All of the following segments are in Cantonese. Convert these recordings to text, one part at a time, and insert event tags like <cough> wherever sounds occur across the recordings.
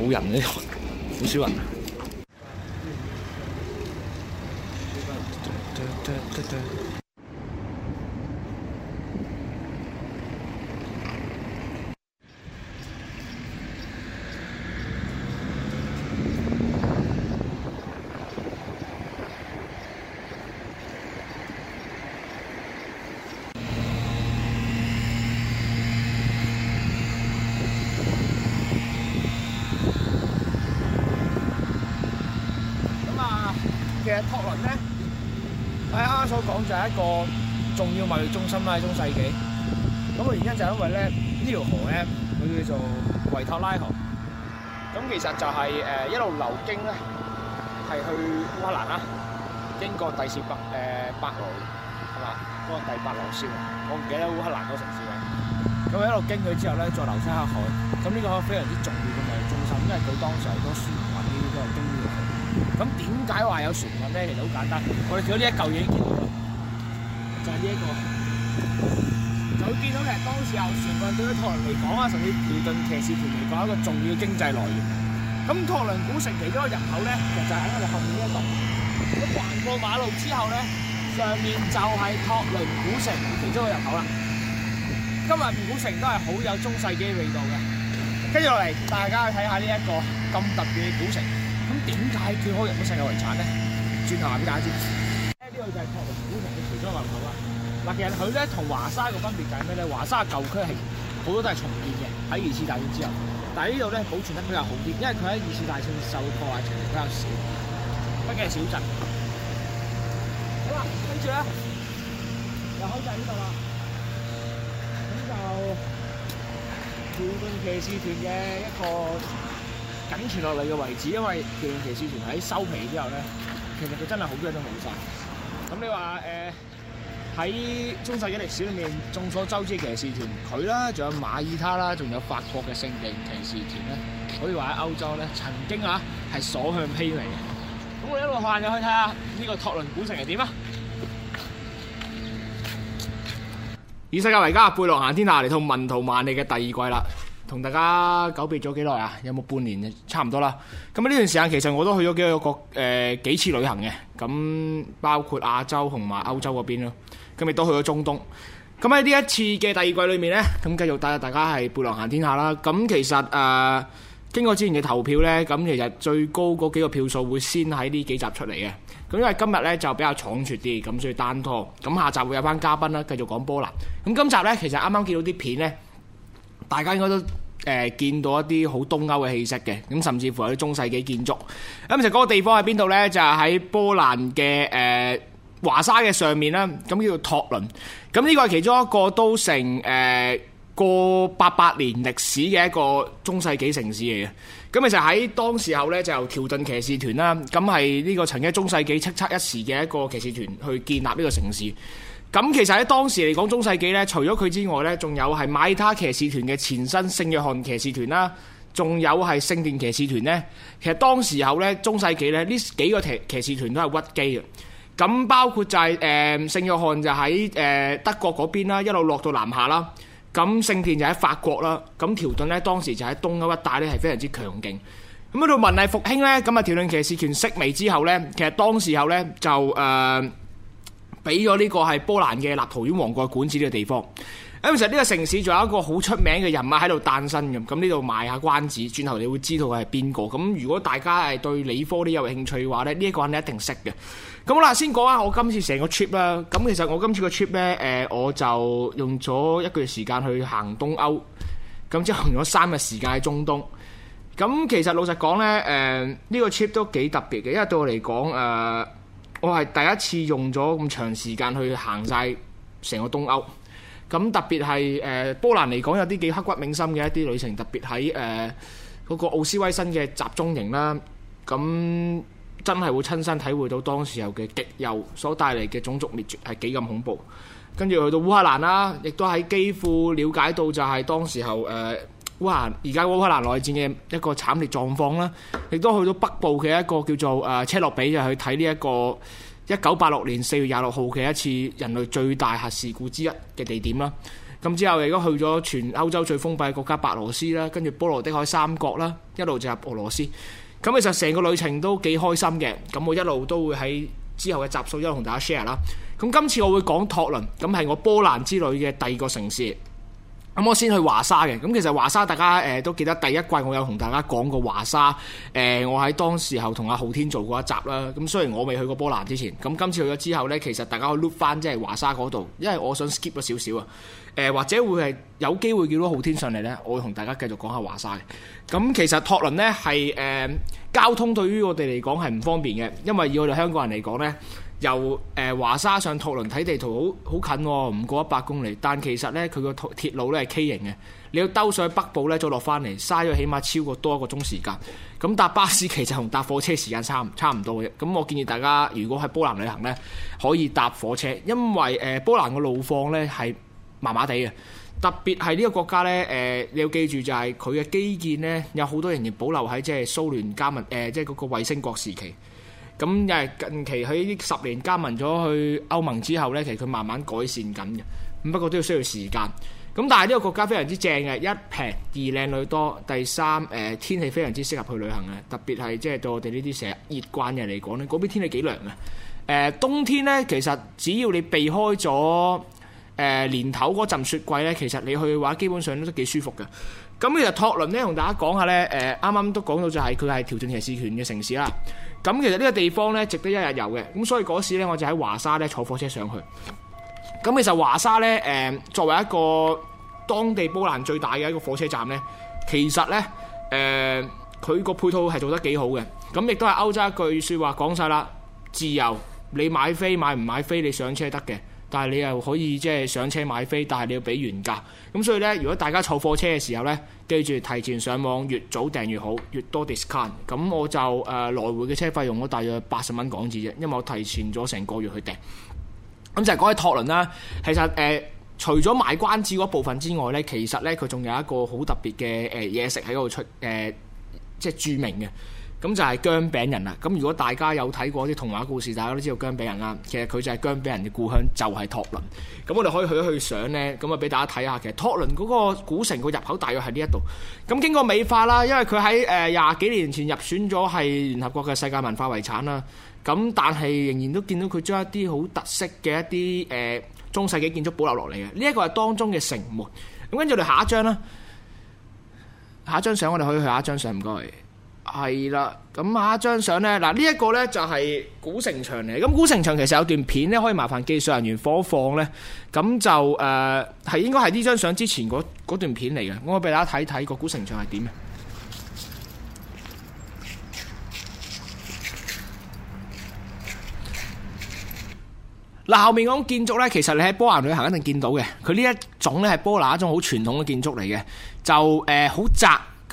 冇人呢，好少人。 <music> 托倫咧，喺啱啱所講就係一個重要貿易中心啦，喺中世紀。咁嘅原因就係因為咧呢條河咧，佢叫做維托拉河。咁其實就係誒一路流經咧，係去烏克蘭啦，經過第四百誒伯羅，係嘛？嗰個第八羅斯。我唔記得烏克蘭個城市嘅。咁一路經佢之後咧，再流出黑海。咁呢個非常之重要嘅貿易中心，因為佢當時好多船運都係經。咁點解話有船運咧？其實好簡單，我哋見到呢一嚿嘢，就係呢一個。就見到咧，當時候船運對於托倫嚟講啊，甚至條頓騎士團嚟講，一個重要經濟來源。咁托倫古城其中一個入口咧，其實就係喺我哋後面呢一度。咁橫過馬路之後咧，上面就係托倫古城其中一個入口啦。今日古城都係好有中世紀味道嘅。跟住落嚟，大家去睇下呢一個咁特別嘅古城。咁點解佢可以入到世界遺產咧？轉頭話畀大家知，呢度就係托倫古城嘅其中一個入口啦。嗱，其實佢咧同華沙嘅分別就係咩咧？華沙舊區係好多都係重建嘅，喺二次大戰之後，但係呢度咧保存得比較好啲，因為佢喺二次大戰受破壞程度比較少，畢竟係小鎮。好、嗯、啦，跟住咧，又開曬呢度啦。咁就條頓騎士團嘅一個。緊存落嚟嘅位置，因為騎士團喺收尾之後咧，其實佢真係好衰都冇曬。咁你話誒喺中世紀歷史裏面，眾所周知騎士團佢啦，仲有馬爾他啦，仲有法國嘅聖殿騎士團咧，可以話喺歐洲咧曾經啊係所向披靡。咁我一路行入去睇下呢個托倫古城係點啊！以世界為家，背囊行天下嚟到《來文圖萬里》嘅第二季啦！同大家久別咗幾耐啊？有冇半年？差唔多啦。咁呢段時間其實我都去咗幾個國誒、呃、幾次旅行嘅，咁包括亞洲同埋歐洲嗰邊咯。咁亦都去咗中東。咁喺呢一次嘅第二季裏面呢，咁繼續帶大家係背囊行天下啦。咁其實誒、呃、經過之前嘅投票呢，咁其實最高嗰幾個票數會先喺呢幾集出嚟嘅。咁因為今日呢就比較倉促啲，咁所以單拖。咁下集會有班嘉賓啦，繼續講波蘭。咁今集呢，其實啱啱見到啲片呢，大家應該都。誒見到一啲好東歐嘅氣息嘅，咁甚至乎有啲中世紀建築。咁其實嗰個地方喺邊度呢？就係喺波蘭嘅誒、呃、華沙嘅上面啦。咁叫做托倫。咁呢個係其中一個都成誒、呃、過八百年歷史嘅一個中世紀城市嚟嘅。咁其實喺當時候呢，就條頓騎士團啦。咁係呢個曾經中世紀叱吒一時嘅一個騎士團去建立呢個城市。咁其實喺當時嚟講，中世紀咧，除咗佢之外咧，仲有係馬耳他騎士團嘅前身聖約翰騎士團啦，仲有係聖殿騎士團咧。其實當時候咧，中世紀咧，呢幾個騎騎士團都係屈機嘅。咁包括就係誒聖約翰就喺誒德國嗰邊啦，一路落到南下啦。咁聖殿就喺法國啦。咁條頓咧，當時就喺東歐一帶咧，係非常之強勁。咁到文藝復興咧，咁啊條頓騎士團式微之後咧，其實當時候咧就誒。俾咗呢個係波蘭嘅立陶宛王國管治呢個地方。咁其實呢個城市仲有一個好出名嘅人物喺度誕生咁。咁呢度賣下關子，轉頭你會知道係邊個。咁如果大家係對理科啲有興趣嘅話呢，呢一個人你一定識嘅。咁好啦，先講下我今次成個 trip 啦。咁其實我今次個 trip 呢，誒我就用咗一個月時間去行東歐，咁之後用咗三日時間喺中東。咁其實老實講呢，誒、這、呢個 trip 都幾特別嘅，因為對我嚟講，誒。我係第一次用咗咁長時間去行晒成個東歐，咁特別係誒、呃、波蘭嚟講有啲幾刻骨銘心嘅一啲旅程，特別喺誒嗰個奧斯威辛嘅集中營啦，咁真係會親身體會到當時候嘅極右所帶嚟嘅種族滅絕係幾咁恐怖，跟住去到烏克蘭啦，亦都喺基輔了解到就係當時候誒。呃烏克蘭而家烏克蘭內戰嘅一個慘烈狀況啦，亦都去到北部嘅一個叫做誒車諾比，就是，去睇呢一個一九八六年四月廿六號嘅一次人類最大核事故之一嘅地點啦。咁之後亦都去咗全歐洲最封閉嘅國家白羅斯啦，跟住波羅的海三國啦，一路就入俄羅斯。咁其實成個旅程都幾開心嘅。咁我一路都會喺之後嘅集數一路同大家 share 啦。咁今次我會講托倫，咁係我波蘭之旅嘅第二個城市。咁我先去華沙嘅，咁其實華沙大家都記得第一季我有同大家講過華沙，誒我喺當時候同阿浩天做過一集啦。咁雖然我未去過波蘭之前，咁今次去咗之後呢，其實大家可以 look 翻即係華沙嗰度，因為我想 skip 咗少少啊。或者會係有機會見到浩天上嚟呢。我會我同大家繼續講下華沙。咁其實托倫呢係誒交通對於我哋嚟講係唔方便嘅，因為以我哋香港人嚟講呢。由誒華沙上托倫睇地圖，好好近喎，唔過一百公里。但其實呢，佢個鐵路呢係畸形嘅，你要兜上去北部呢，再落翻嚟，嘥咗起碼超過多一個鐘時間。咁搭巴士其實同搭火車時間差唔差唔多嘅。咁我建議大家，如果喺波蘭旅行呢，可以搭火車，因為誒波蘭個路況呢係麻麻地嘅，特別係呢個國家呢誒，你要記住就係佢嘅基建呢，有好多仍然保留喺即係蘇聯加密，即係嗰個衛星國時期。咁又係近期喺呢十年加盟咗去歐盟之後呢，其實佢慢慢改善緊嘅。咁不過都要需要時間。咁但係呢個國家非常之正嘅，一平二靚女多，第三天氣非常之適合去旅行。特別係即係對我哋呢啲成熱慣人嚟講呢，嗰邊天氣幾涼嘅、呃。冬天呢，其實只要你避開咗、呃、年頭嗰陣雪季呢，其實你去嘅話基本上都幾舒服嘅。咁其實托倫呢，同大家講下呢，啱、呃、啱都講到就係佢係條頓騎士團嘅城市啦。咁其實呢個地方呢值得一日遊嘅，咁所以嗰時呢，我就喺華沙呢坐火車上去。咁其實華沙呢，誒作為一個當地波蘭最大嘅一個火車站呢，其實呢，誒佢個配套係做得幾好嘅，咁亦都係歐洲一句説話講晒啦，自由，你買飛買唔買飛你上車得嘅。但係你又可以即係上車買飛，但係你要俾原價。咁所以呢，如果大家坐貨車嘅時候呢，記住提前上網，越早訂越好，越多 discount。咁我就誒、呃、來回嘅車費用我大約八十蚊港紙啫，因為我提前咗成個月去訂。咁就係講起托倫啦，其實、呃、除咗賣關子嗰部分之外呢，其實呢，佢仲有一個好特別嘅嘢、呃、食喺嗰度出、呃、即係著名嘅。咁就係姜餅人啦。咁如果大家有睇過啲童話故事，大家都知道姜餅人啦。其實佢就係姜餅人嘅故鄉，就係托倫。咁我哋可以去一去相呢。咁啊俾大家睇下。其實托倫嗰個古城個入口大約喺呢一度。咁經過美化啦，因為佢喺誒廿幾年前入選咗係聯合國嘅世界文化遺產啦。咁但係仍然都見到佢將一啲好特色嘅一啲中世紀建築保留落嚟嘅。呢一個係當中嘅城門。咁跟住我哋下一張啦，下一張相我哋可以去下一張相。唔該。係啦，咁下一張相呢，嗱呢一個呢就係古城牆嚟。咁古城牆其實有段片呢，可以麻煩技術人員放一放呢。咁就誒、係、呃、應該係呢張相之前嗰段片嚟嘅。我俾大家睇睇個古城牆係點。嗱，後面嗰種建築呢，其實你喺波蘭旅行一定見到嘅。佢呢一種呢，係波蘭一種好傳統嘅建築嚟嘅，就誒、好、呃、窄。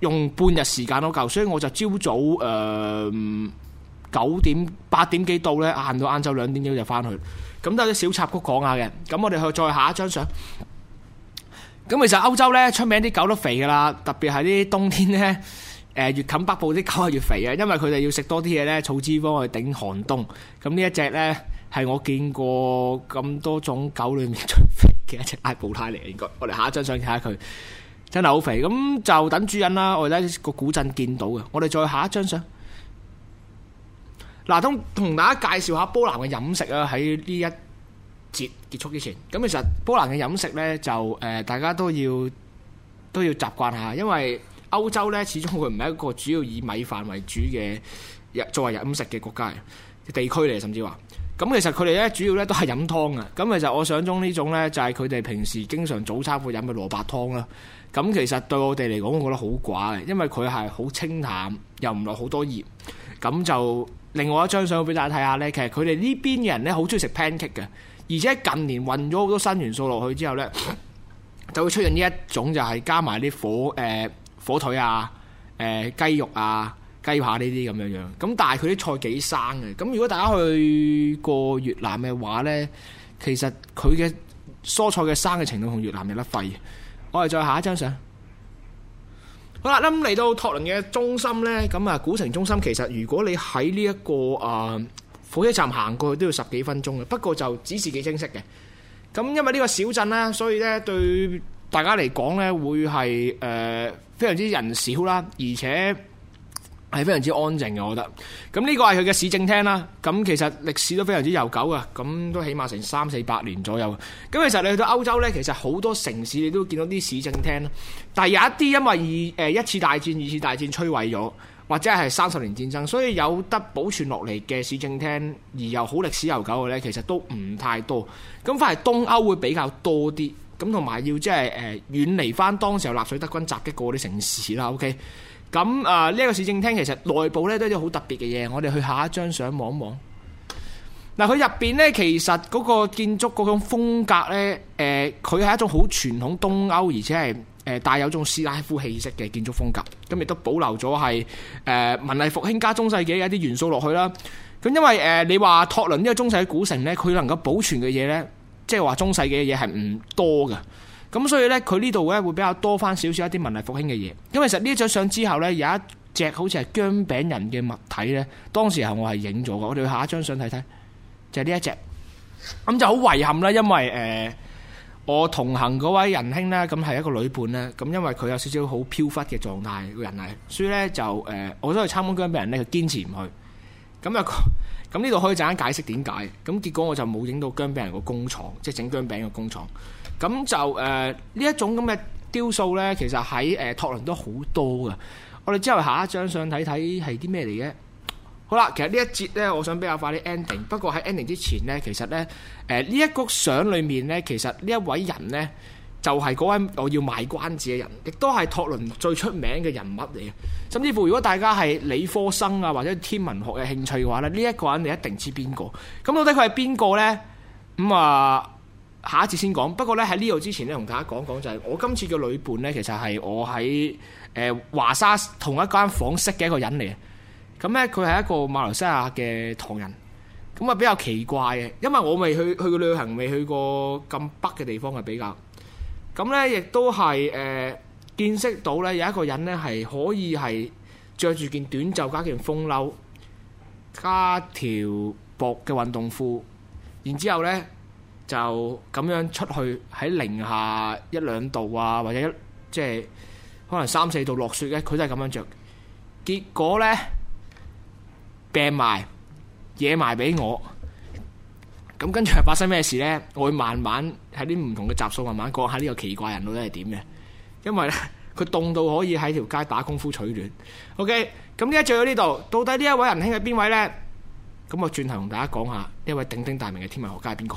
用半日時間都夠，所以我就朝早誒九點八點幾到咧，行到晏晝兩點鐘就翻去。咁都有啲小插曲講下嘅。咁我哋去再下一張相。咁其實歐洲咧，出名啲狗都肥噶啦，特別係啲冬天咧，誒越冚北部啲狗係越肥啊，因為佢哋要食多啲嘢咧，儲脂肪去頂寒冬。咁呢一隻咧係我見過咁多種狗裏面最肥嘅一隻愛步胎嚟嘅，應該我哋下一張相睇下佢。真係好肥，咁就等主人啦。我哋喺個古鎮見到嘅，我哋再下一張相。嗱，通同大家介紹下波蘭嘅飲食啦。喺呢一節結束之前，咁其實波蘭嘅飲食呢就誒，大家都要都要習慣下，因為歐洲呢始終佢唔係一個主要以米飯為主嘅入作為飲食嘅國家嘅地區嚟，甚至話咁其實佢哋呢主要呢都係飲湯嘅。咁其實我想象呢種呢就係佢哋平時經常早餐會飲嘅蘿蔔湯啦。咁其實對我哋嚟講，我覺得好寡嘅，因為佢係好清淡，又唔落好多鹽。咁就另外一張相俾大家睇下呢。其實佢哋呢邊嘅人呢，好中意食 pancake 嘅，而且近年混咗好多新元素落去之後呢，就會出現呢一種就係加埋啲火、呃、火腿啊、誒、呃、雞肉啊、雞扒呢啲咁樣樣。咁但係佢啲菜幾生嘅。咁如果大家去過越南嘅話呢，其實佢嘅蔬菜嘅生嘅程度同越南有得廢。我哋再下一張相。好啦，咁嚟到托倫嘅中心呢，咁啊古城中心其實如果你喺呢一個啊火車站行過去都要十幾分鐘嘅，不過就指示幾清晰嘅。咁因為呢個小鎮呢，所以呢對大家嚟講呢，會係誒非常之人少啦，而且。係非常之安靜嘅，我覺得。咁呢個係佢嘅市政廳啦。咁其實歷史都非常之悠久啊，咁都起碼成三四百年左右。咁其實你去到歐洲呢，其實好多城市你都見到啲市政廳，但係有一啲因為二誒一次大戰、二次大戰摧毀咗，或者係三十年戰爭，所以有得保存落嚟嘅市政廳而又好歷史悠久嘅呢，其實都唔太多。咁反而東歐會比較多啲。咁同埋要即係誒遠離翻當時候納粹德軍襲擊過啲城市啦。OK。咁啊，呢個市政廳其實內部呢都有啲好特別嘅嘢，我哋去下一張相望一望。嗱，佢入邊呢其實嗰個建築嗰種風格呢，誒、呃，佢係一種好傳統東歐，而且係誒帶有種斯拉夫氣息嘅建築風格。咁亦都保留咗係誒文藝復興加中世紀嘅一啲元素落去啦。咁因為誒、呃、你話托倫呢個中世紀古城呢，佢能夠保存嘅嘢呢，即係話中世紀嘅嘢係唔多㗎。咁所以呢，佢呢度呢會比較多翻少少一啲文藝復興嘅嘢。咁其實呢一張相之後呢，有一隻好似係薑餅人嘅物體呢。當時候我係影咗嘅，我哋去下一張相睇睇，就係、是、呢一隻。咁就好遺憾啦，因為誒、呃、我同行嗰位仁兄呢，咁係一個女伴呢。咁因為佢有少少好飄忽嘅狀態，個人係，所以呢，就誒，我都去參觀薑餅人呢。佢堅持唔去。咁啊，咁呢度可以陣間解釋點解。咁結果我就冇影到薑餅人個工廠，即係整薑餅嘅工廠。咁就誒呢一種咁嘅雕塑咧，其實喺誒托倫都好多㗎。我哋之後下一張相睇睇係啲咩嚟嘅。好啦，其實呢一節咧，我想比較快啲 ending。不過喺 ending 之前咧，其實咧誒呢一幅相裏面咧，其實呢一位人咧就係嗰位我要賣關子嘅人，亦都係托倫最出名嘅人物嚟嘅。甚至乎如果大家係理科生啊或者天文學嘅興趣嘅話咧，呢一個人你一定知邊個。咁到底佢係邊個咧？咁啊～下一次先講。不過呢，喺呢度之前呢，同大家講講就係、是、我今次嘅旅伴呢，其實係我喺誒、呃、華沙同一間房間識嘅一個人嚟。咁、嗯、呢，佢係一個馬來西亞嘅唐人。咁、嗯、啊比較奇怪嘅，因為我未去去過旅行，未去過咁北嘅地方嘅比較。咁、嗯、呢，亦都係誒、呃、見識到呢，有一個人呢，係可以係着住件短袖加件風褸加條薄嘅運動褲，然之後呢。就咁樣出去喺零下一兩度啊，或者一即係可能三四度落雪咧，佢都係咁樣着。結果咧病埋，嘢埋俾我。咁跟住係發生咩事咧？我會慢慢喺啲唔同嘅集數，慢慢講下呢個奇怪人到底係點嘅。因為咧佢凍到可以喺條街打功夫取暖。OK，咁而家聚到呢度，到底呢一位仁兄係邊位咧？咁我轉頭同大家講下呢位鼎鼎大名嘅天文學家係邊個。